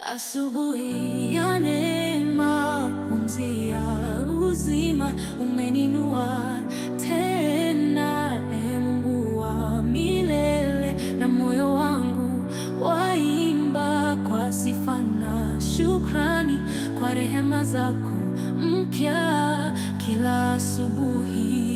Asubuhi ya neema, pumzi ya uzima, umeninua tena, Ee Mungu wa milele, na moyo wangu waimba kwa sifa na shukrani kwa rehema zako mpya kila asubuhi.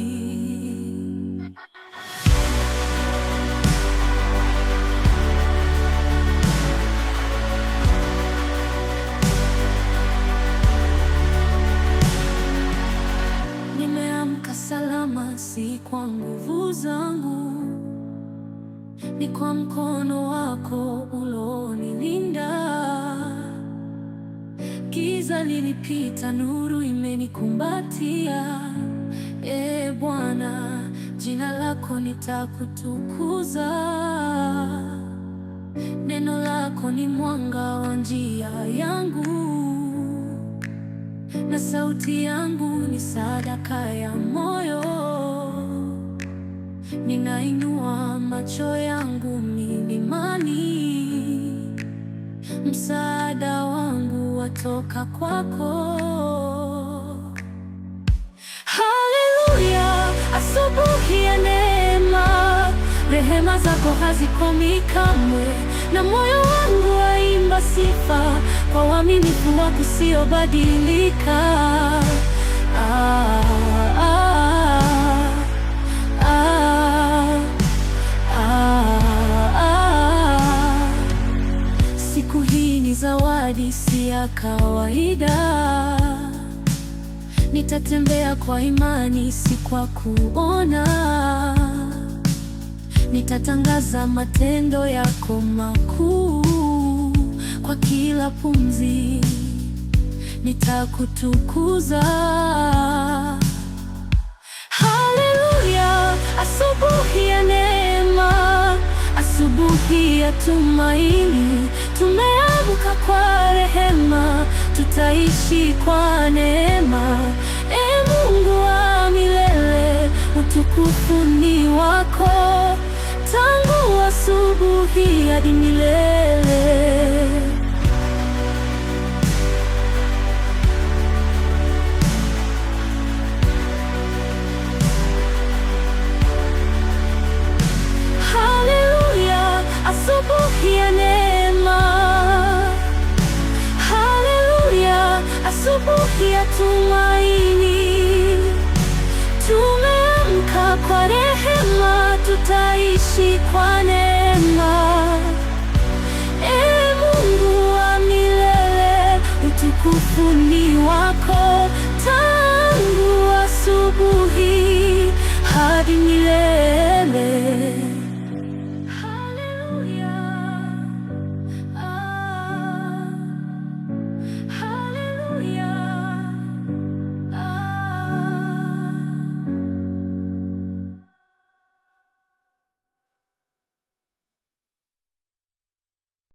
ni kwa mkono wako ulonilinda. Giza lilipita, nuru imenikumbatia. E Bwana, jina lako nitakutukuza. Neno lako ni mwanga wa njia yangu, na sauti yangu ni sadaka ya moyo ninainu macho yangu milimani, msaada wangu watoka kwako. Haleluya, asubuhi ya neema, rehema zako hazikomi kamwe, na moyo wangu waimba sifa kwa uaminifu wako usiobadilika. Ah. Siku hii ni zawadi, si ya kawaida. Nitatembea kwa imani, si kwa kuona. Nitatangaza matendo yako makuu, kwa kila pumzi nitakutukuza. ya tumaini, tumeamka kwa rehema, tutaishi kwa neema. E Mungu wa milele, utukufu ni wako, tangu asubuhi hadi milele. tumaini. Tumeamka kwa rehema, tutaishi kwa neema. e Mungu wa milele, utukufu ni wako, tangu asubuhi hadi milele.